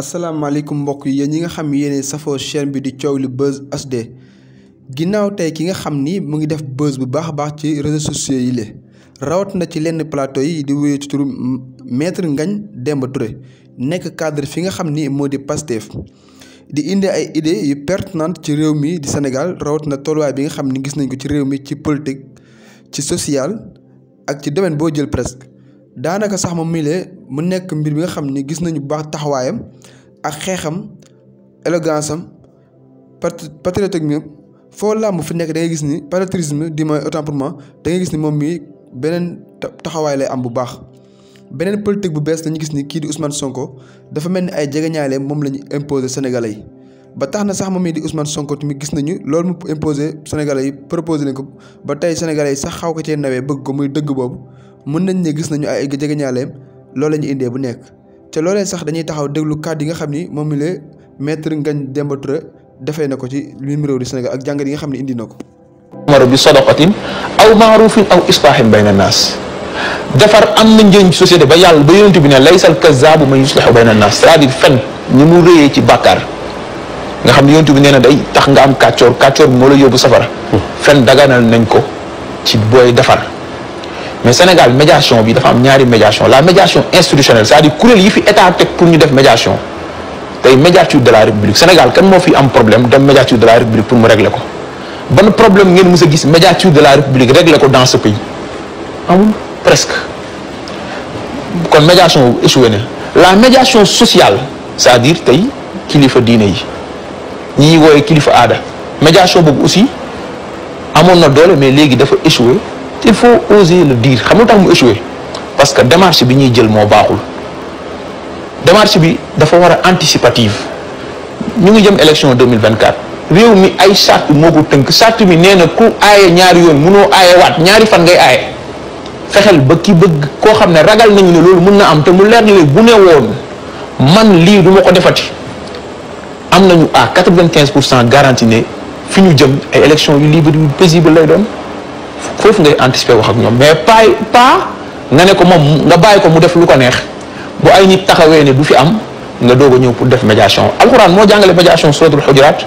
asalaamaaleykum mbokk yi ñi nga xam ne yéenay safoo chaîne bi di coow li Buzz HD ginnaaw tey ki nga xam ni mu ngi def buzz bu baax a baax ci réseaux sociaux yi la rawat na ci lenn plateau yi di wéyee ci turu maître Ngagne Demba ture nekk cadre fi nga xam ni moo di Pastef di indi ay idées yu pertinentes ci réew mi di Sénégal rawat na tolluwaay bi nga xam ni gis nañ ko ci réew mi ci politique ci social ak ci domaine boo jël presque. daanaka sax moom miile mu nekk mbir bi nga xam ni gis nañu bu baax taxawaayam ak xeexam élégance am patriotisme foo làmb fi nekk da gis ni mi di mooy autant pour gis ni moom mii beneen taxawaay lay am bu baax beneen politique bu bees lañu gis ni kii di Ousmane Sonko dafa mel ni ay jegeñaale moom la ñu imposé Sénégalais yi ba tax na sax moom mii di usman Sonko tamit gis nañu loolu mu imposé Sénégalais yi proposé nañ ko ba tey Sénégalais yi sax xaw ko cee nawee bëgg ko muy dëgg boobu mën nañ ne gis nañu ay jegeñaaleem loolu la ñu indee bu nekk te loolee sax dañuy taxaw déglu kàddu yi nga xam ni moom mi la maître Ngagne Demba Touré defee na ko ci lim réew di Sénégal ak jàngat yi nga xam ne indi na ko. amaru bi sadaqatin aw maarufin aw islaahin bayna naas defar am na njëriñ ci ba yàlla ba yonent bi ne laysal kazzaabu man yuslihu bayna naas c'est-à-dire ni mu rëyee ci bàkkaar nga xam ne yonent bi nee na day tax nga am kàccoor kàccoor moo la yóbbu safara hmm. fen daganal nañ ko ci booy defar mais Sénégal médiation bi dafa am ñaari médiation la médiation institutionnelle c'est-à-dire que yi fi état teg pour ñu def médiation tey médiature de la république Sénégal kan on fi un problème dem médiature de la république pour mu régler ko ban problème ngeen que la gis médiature de la république régler ko dans ce pays amul presque la médiation échoué la médiation sociale c'est-à-dire qu'il kilifa dîner. yi ñi qui woowee kilifa La médiation boobu aussi amoon na doole mais léegi dafa échoué il faut oser le dire xam nga tax mu échoué parce que démarche bi ñuy jël moo baaxul démarche bi dafa war a anticipative ñu ngi jëm election mille vingt 2024 réew mi ay charte moo ko tënk charte mi nee na ku aaye ñaari yoon munoo aaye waat ñaari fan ngay aaye fexeel ba ki bëgg koo xam ne ragal nañu ne loolu mun na am te mu leer la bu ne woon man lii du ma ko defati am nañu à 95 pour cent garanti ne fi ñu jëm ay élection yu libre yu paisible lay doon foofu ngay anticiper wax ak ñoom mais pas pas nga ne ko moom nga bàyyi ko mu def lu ko neex bu ay nit taxawee ne du fi am nga doog a ñëw pour def médiation alquran moo jàngale médiation suratul xujuraat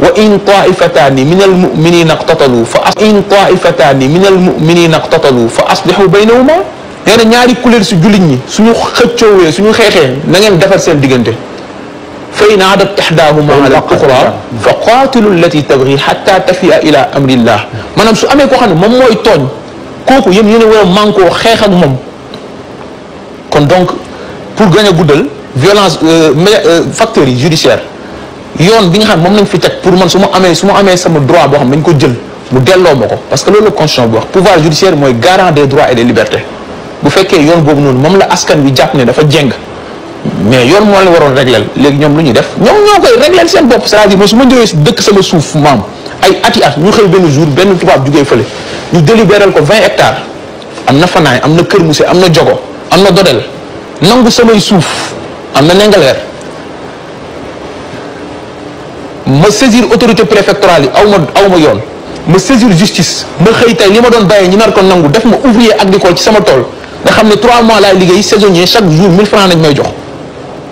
wa in taifataani min al muminina qtatalu fa as in taifataani min al muminina qtatalu fa aslihu baynahuma nee na ñaari kuléel su jullit ñi suñu xëccoowee suñu xeexee na ngeen defar seen diggante فإن عادت إحداهما على الأخرى فقاتلوا التي تبغي حتى تفيء إلى أمر الله ما نمسو أمي koo مم ne moom كوكو يم kooku yéen yéen a war a mànkoo pour gagner goudal guddal violence facteurs yi judiciaire yoon bi nga xam mom lañ fi tek pour man suma amé suma amé sama droit bo xam dañ ko jël mu délo mako parce que lolu constitution bi wax pouvoir judiciaire moy garant des droits et des libertés bu fekkee yoon bobu non mom la askan wi jàpp ne dafa jeng mais yoon moo leen waroon régleel léegi ñoom lu ñuy def ñoom ñoo koy régleel seen bopp c'est-à-dire su ma ñëwee dëkk sama suuf maam ay ati at ñu xëy benn jour benn tubaab jugee fële ñu délibéral ko 20 hectares am na fanaay am na kër muse am na jogo am na dodel nangu samay suuf am na nengaleer ma saisir autorité préfectorale yi aw ma aw ma yoon ma saisir justice ma xëy tey li ma doon bàyyee ñi nar ko nangu def ma ouvrier agricole ci sama tool nga xam ne 3 mois laay liggéey saisonnier chaque jour 1000 francs lañ may jox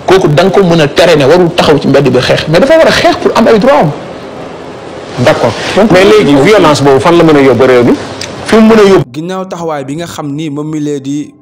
kooku da nga ko mën a tere ne warul taxaw ci mbedd bi xeex mais dafa war a xeex pour am ay droit am. d' accord mais léegi violence boobu fan la mën a yóbbu réew mi. fi mu mën a ginnaaw taxawaay bi nga xam ni moom mi lee di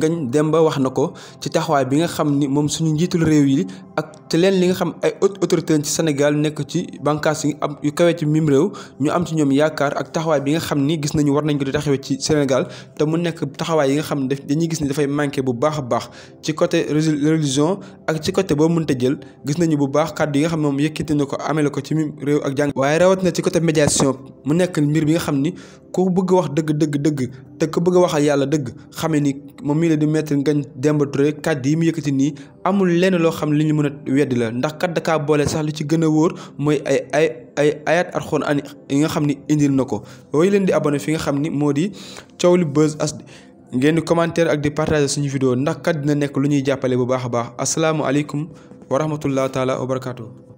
ngañ dem ba wax na ko ci taxawaay bi nga xam ni moom suñu njiitul réew yi ak ci leen li nga xam ay autorité ci Sénégal nekk ci bànqaas yi am yu kawee ci ñu am ci ñoom yaakaar ak taxawaay bi nga xam ni gis nañu war nañ ko di taxawee ci Sénégal te mu nekk taxawaay yi nga xam ne dañuy gis ni dafay manqué bu baax a baax ci côté religion ak ci côté boo mënta jël gis nañu bu baax kàddu yi nga xam ne moom yëkkati na ko amee ko ci mim réew ak jàng waaye rawat na ci côté médiation mu nekk mbir bi nga xam ni ku bëgg wax dëgg dëgg dëgg te ku bëgg a waxal yàlla dëgg xame ni moom mii la di Maître ngañ demb Touré kàddu yi mu yëkkati nii amul lenn loo xam li ñu mën a weddi la ndax kat da dakaa boole sax li ci gën a wóor mooy ay ay ay ayat ani yi nga xam ni indil na ko yooyu leen di abonné fi nga xam ni moo di Thiowli Buzz as ngeen di commentaire ak di partager suñu vidéo ndax kat dina nekk lu ñuy jàppale bu baax a baax asalaamualeykum wa rahmatullah taala wa barakatuh